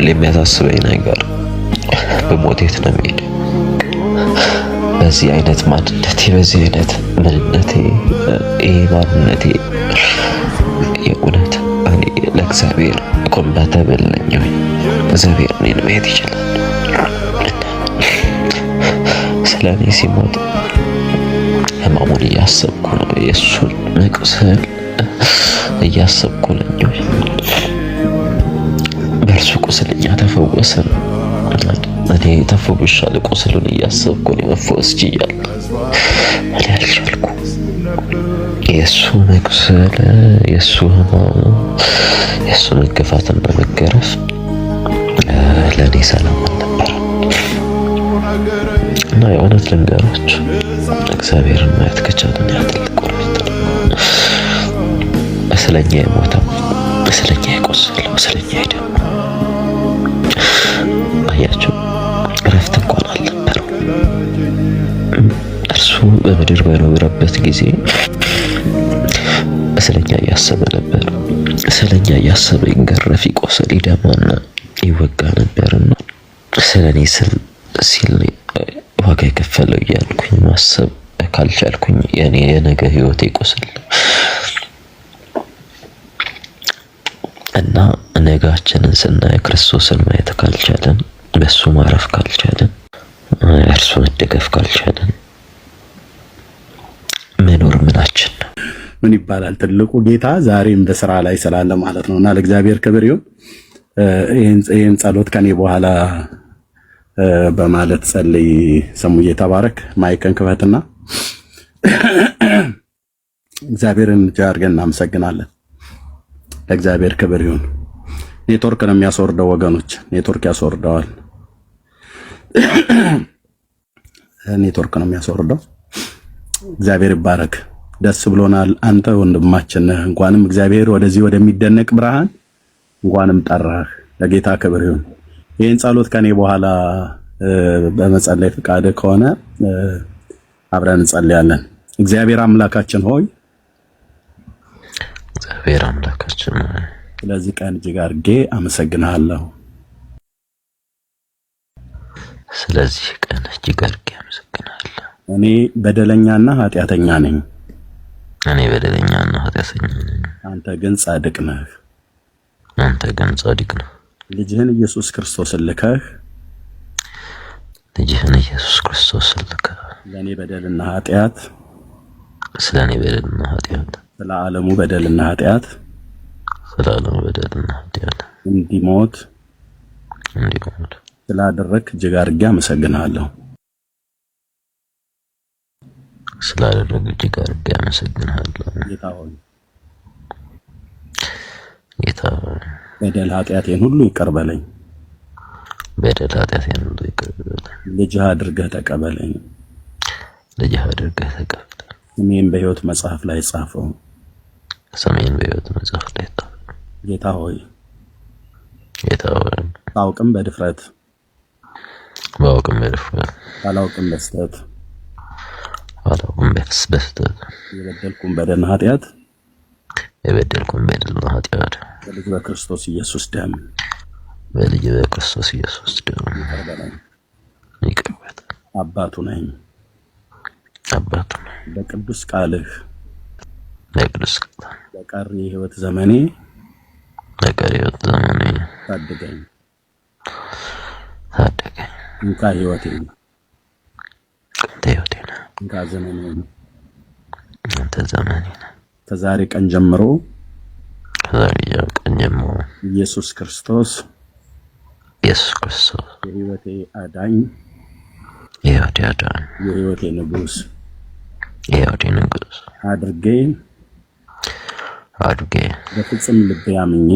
ሁሌ የሚያሳስበኝ ነገር በሞት የት ነው የምሄድ? በዚህ አይነት ማንነቴ፣ በዚህ አይነት ምንነቴ፣ ይሄ ማንነቴ የእውነት እኔ ለእግዚአብሔር ኮምባተብል ነኝ ወይ? እግዚአብሔር እኔን ማየት ይችላል። ስለ እኔ ሲሞት ህማሙን እያሰብኩ ነው፣ የእሱን መቁሰል እያሰብኩ ነኝ ወይ? ቁስል ቁስለኛ ተፈወሰ። እኔ ተፈውሻል፣ ቁስሉን እያሰብኩ እኔ መፈወስ ችያለሁ። እኔ አልቻልኩ። የእሱ መቁሰል፣ የእሱ የእሱ መገፋትና መገረፍ ለእኔ ሰላም አልነበረም። እና የእውነት ልንገራችሁ እግዚአብሔርን ማየት ከቻለን ስለኛ የሞተው ስለኛ የቆሰለው ስለኛ ሄደን አያቸው። እረፍት እንኳን አልነበረው። እርሱ በምድር በኖረበት ጊዜ ስለኛ እያሰበ ነበር። ስለኛ እያሰበ ይንገረፍ፣ ይቆሰል፣ ይደማና ይወጋ ነበርና ስለ እኔ ስል ሲል ዋጋ የከፈለው እያልኩኝ ማሰብ ካልቻልኩኝ የኔ የነገ ህይወቴ ይቆስል ነገችንን ስናይ ክርስቶስን ማየት ካልቻለን፣ በእሱ ማረፍ ካልቻለን፣ እርሱ መደገፍ ካልቻለን መኖር ምናችን ነው? ምን ይባላል? ትልቁ ጌታ ዛሬም በስራ ላይ ስላለ ማለት ነው። እና ለእግዚአብሔር ክብር ይሁን። ይህን ጸሎት ከኔ በኋላ በማለት ጸልይ። ስሙ እየተባረክ ማይከን ክፈትና እግዚአብሔርን እጅ አድርገን እናመሰግናለን። ለእግዚአብሔር ክብር ይሁን። ኔትወርክ ነው የሚያስወርደው ወገኖች፣ ኔትወርክ ያስወርደዋል። ኔትወርክ ነው የሚያስወርደው። እግዚአብሔር ይባረክ። ደስ ብሎናል። አንተ ወንድማችን ነህ። እንኳንም እግዚአብሔር ወደዚህ ወደሚደነቅ ብርሃን እንኳንም ጠራህ። ለጌታ ክብር ይሁን። ይህን ጸሎት ከኔ በኋላ በመጸለይ ፈቃድ ከሆነ አብረን እንጸልያለን። እግዚአብሔር አምላካችን ሆይ እግዚአብሔር አምላካችን ስለዚህ ቀን እጅግ አድርጌ አመሰግናለሁ። ስለዚህ ቀን እጅግ አድርጌ አመሰግናለሁ። እኔ በደለኛና ኃጢአተኛ ነኝ። እኔ በደለኛና ኃጢአተኛ ነኝ። አንተ ግን ጻድቅ ነህ። አንተ ግን ጻድቅ ነህ። ልጅህን ኢየሱስ ክርስቶስን ልከህ ልጅህን ኢየሱስ ክርስቶስን ልከህ ለእኔ በደልና ኃጢአት ስለ እኔ በደልና ኃጢአት ስለ ዓለሙ በደልና ኃጢአት ዘላለም በደልና እንዲሞት እንዲሞት ስላደረክ እጅግ አድርጌ አመሰግናለሁ። ስላደረክ እጅግ አድርጌ አመሰግናለሁ። ጌታ ሆይ ጌታ ሆይ በደል ኃጢአቴን ሁሉ ይቅር በለኝ። በደል ኃጢአቴን ሁሉ ይቅር በለኝ። ልጅህ አድርገህ ተቀበለኝ። ልጅህ አድርገህ ተቀበለኝ። ስሜን በሕይወት መጽሐፍ ላይ ጻፈው። ስሜን በሕይወት መጽሐፍ ላይ ጌታ ሆይ ጌታ ሆይ ባውቅም በድፍረት ባውቅም በድፍረት ባላውቅም በስተት ባላውቅም በስተት የበደልኩም በደል ኃጢአት የበደልኩም በደል ኃጢአት በልጅ በክርስቶስ ኢየሱስ ደም በልጅ በክርስቶስ ኢየሱስ ደም ይቅር አባቱ ነኝ አባቱ ነኝ በቅዱስ ቃልህ በቅዱስ ቃልህ በቀሪ የህይወት ዘመኔ ለቀሪ ዘመን ዘመኔ ታደገኝ ታደገኝ። እንካ ህይወቴ ነው አንተ ህይወቴ ነህ። እንካ ዘመኔ ነው አንተ ዘመኔ ነህ። ከዛሬ ቀን ጀምሮ ከዛሬ ቀን ጀምሮ ኢየሱስ ክርስቶስ ኢየሱስ ክርስቶስ የህይወቴ አዳኝ የህይወቴ አዳኝ የህይወቴ ንጉስ የህይወቴ ንጉስ አድርጌ አድጌ በፍጹም ልቤ አምኜ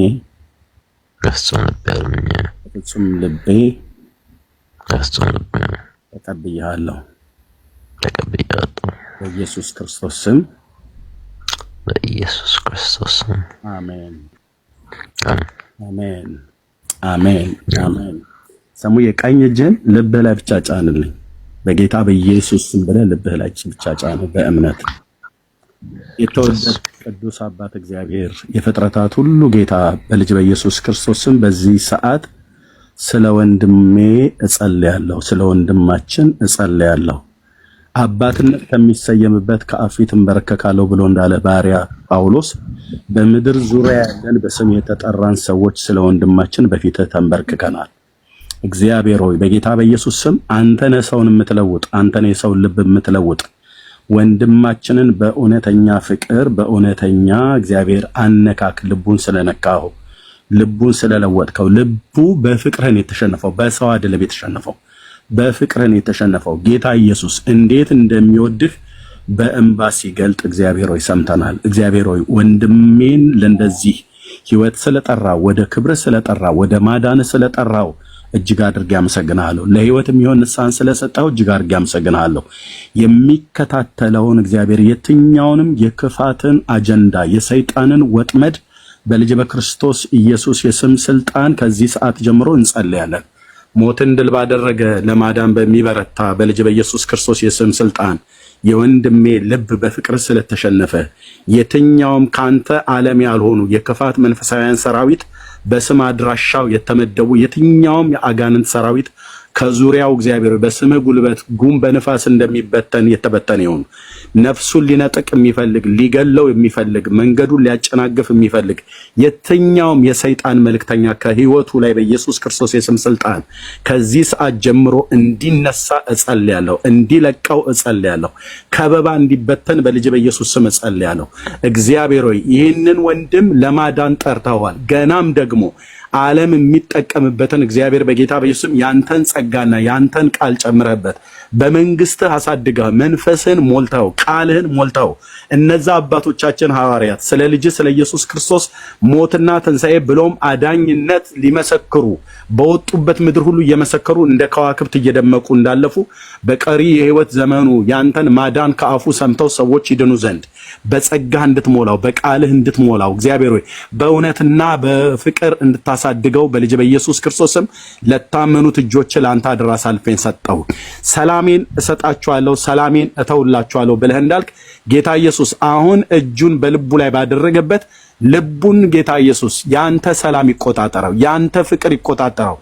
በፍጹም ልቤ አምኜ በፍጹም ልቤ በፍጹም ልቤ ተቀብያለሁ ተቀብያለሁ በኢየሱስ ክርስቶስ ስም በኢየሱስ ክርስቶስ ስም አሜን አሜን አሜን አሜን። ሰሙ የቀኝ እጅን ልብህ ላይ ብቻ ጫንልኝ በጌታ በኢየሱስ ስም ብለህ ልብህ ላይ ብቻ ጫነ በእምነት የተወደድ ቅዱስ አባት እግዚአብሔር የፍጥረታት ሁሉ ጌታ በልጅ በኢየሱስ ክርስቶስም በዚህ ሰዓት ስለ ወንድሜ እጸልያለሁ፣ ስለ ወንድማችን እጸልያለሁ። አባትነት ከሚሰየምበት ከአብ ፊት እንበረከካለሁ ብሎ እንዳለ ባሪያ ጳውሎስ በምድር ዙሪያ ያለን በስም የተጠራን ሰዎች ስለ ወንድማችን በፊትህ ተንበርክከናል። እግዚአብሔር ሆይ በጌታ በኢየሱስ ስም አንተ ነህ ሰውን የምትለውጥ፣ አንተ ነህ የሰውን ልብ የምትለውጥ ወንድማችንን በእውነተኛ ፍቅር በእውነተኛ እግዚአብሔር አነካክ ልቡን ስለነካሁ ልቡን ስለለወጥከው ልቡ በፍቅርን የተሸነፈው በሰው አይደለም የተሸነፈው በፍቅርን የተሸነፈው ጌታ ኢየሱስ እንዴት እንደሚወድህ በእንባ ሲገልጥ እግዚአብሔር ሆይ ሰምተናል። እግዚአብሔር ሆይ ወንድሜን ለእንደዚህ ህይወት ስለጠራው ወደ ክብር ስለጠራው ወደ ማዳን ስለጠራው እጅግ አድርጌ አመሰግናለሁ። ለህይወትም ይሆን ንስሐን ስለሰጠው እጅግ አድርጌ አመሰግናለሁ። የሚከታተለውን እግዚአብሔር የትኛውንም የክፋትን አጀንዳ የሰይጣንን ወጥመድ በልጅ በክርስቶስ ኢየሱስ የስም ስልጣን ከዚህ ሰዓት ጀምሮ እንጸልያለን። ሞትን ድል ባደረገ ለማዳን በሚበረታ በልጅ በኢየሱስ ክርስቶስ የስም ስልጣን የወንድሜ ልብ በፍቅር ስለተሸነፈ የትኛውም ካንተ ዓለም ያልሆኑ የክፋት መንፈሳውያን ሰራዊት በስም አድራሻው የተመደቡ የትኛውም የአጋንንት ሰራዊት ከዙሪያው እግዚአብሔር በስመ ጉልበት ጉም በንፋስ እንደሚበተን የተበተነ ይሁን። ነፍሱን ሊነጥቅ የሚፈልግ ሊገለው የሚፈልግ መንገዱን ሊያጨናግፍ የሚፈልግ የትኛውም የሰይጣን መልክተኛ ከህይወቱ ላይ በኢየሱስ ክርስቶስ የስም ስልጣን ከዚህ ሰዓት ጀምሮ እንዲነሳ እጸልያለሁ፣ እንዲለቀው እጸልያለሁ፣ ከበባ እንዲበተን በልጅ በኢየሱስ ስም እጸልያለሁ። እግዚአብሔር ሆይ ይህንን ወንድም ለማዳን ጠርተዋል። ገናም ደግሞ ዓለም የሚጠቀምበትን እግዚአብሔር በጌታ በኢየሱስም ያንተን ጸጋና ያንተን ቃል ጨምረህበት በመንግስትህ አሳድገህ መንፈስህን ሞልተው ቃልህን ሞልተው እነዛ አባቶቻችን ሐዋርያት ስለ ልጅ ስለ ኢየሱስ ክርስቶስ ሞትና ትንሣኤ ብሎም አዳኝነት ሊመሰክሩ በወጡበት ምድር ሁሉ እየመሰከሩ እንደ ከዋክብት እየደመቁ እንዳለፉ በቀሪ የህይወት ዘመኑ ያንተን ማዳን ከአፉ ሰምተው ሰዎች ይድኑ ዘንድ በጸጋህ እንድትሞላው በቃልህ እንድትሞላው እግዚአብሔር ሆይ በእውነትና በፍቅር እንድታሳድገው በልጅ በኢየሱስ ክርስቶስም ለታመኑት እጆች ለአንተ አደራ አሳልፌን ሰጠሁ። ሰላሜን እሰጣችኋለሁ፣ ሰላሜን እተውላችኋለሁ ብለህ እንዳልክ ጌታ ኢየሱስ ኢየሱስ አሁን እጁን በልቡ ላይ ባደረገበት ልቡን ጌታ ኢየሱስ ያንተ ሰላም ይቆጣጠረው፣ ያንተ ፍቅር ይቆጣጠረው፣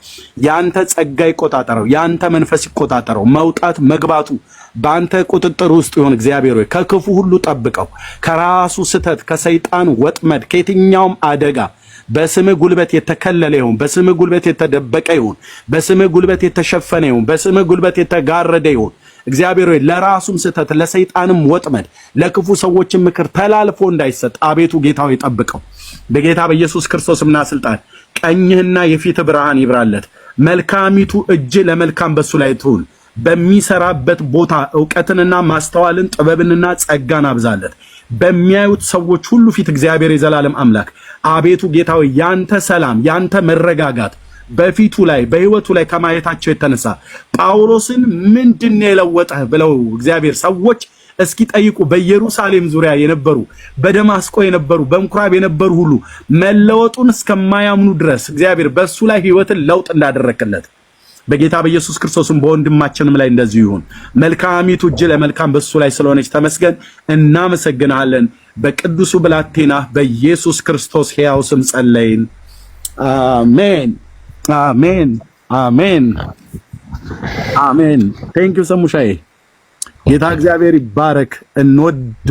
ያንተ ጸጋ ይቆጣጠረው፣ ያንተ መንፈስ ይቆጣጠረው። መውጣት መግባቱ በአንተ ቁጥጥር ውስጥ ይሆን። እግዚአብሔር ሆይ ከክፉ ሁሉ ጠብቀው፣ ከራሱ ስተት፣ ከሰይጣን ወጥመድ፣ ከየትኛውም አደጋ በስምህ ጉልበት የተከለለ ይሁን። በስምህ ጉልበት የተደበቀ ይሁን። በስምህ ጉልበት የተሸፈነ ይሁን። በስምህ ጉልበት የተጋረደ ይሁን። እግዚአብሔር ሆይ ለራሱም ስህተት ለሰይጣንም ወጥመድ ለክፉ ሰዎችም ምክር ተላልፎ እንዳይሰጥ አቤቱ ጌታው ይጠብቀው። ጠብቀው። በጌታ በኢየሱስ ክርስቶስምና ስልጣን ቀኝህና የፊት ብርሃን ይብራለት። መልካሚቱ እጅ ለመልካም በሱ ላይ ትሁን። በሚሰራበት ቦታ እውቀትንና ማስተዋልን ጥበብንና ጸጋን አብዛለት። በሚያዩት ሰዎች ሁሉ ፊት እግዚአብሔር የዘላለም አምላክ አቤቱ ጌታ ያንተ ሰላም ያንተ መረጋጋት በፊቱ ላይ በህይወቱ ላይ ከማየታቸው የተነሳ ጳውሎስን ምንድን የለወጠህ ብለው እግዚአብሔር ሰዎች እስኪጠይቁ በኢየሩሳሌም ዙሪያ የነበሩ በደማስቆ የነበሩ በምኩራብ የነበሩ ሁሉ መለወጡን እስከማያምኑ ድረስ እግዚአብሔር በሱ ላይ ህይወትን ለውጥ እንዳደረክለት በጌታ በኢየሱስ ክርስቶስም በወንድማችንም ላይ እንደዚሁ ይሁን። መልካሚቱ እጅ ለመልካም በእሱ ላይ ስለሆነች ተመስገን፣ እናመሰግናለን። በቅዱሱ ብላቴና በኢየሱስ ክርስቶስ ሕያው ስም ጸለይን። አሜን። አሜን አሜን አሜን። ቴንክ ዩ ሰሙሻዬ። ጌታ እግዚአብሔር ይባረክ። እንወዳ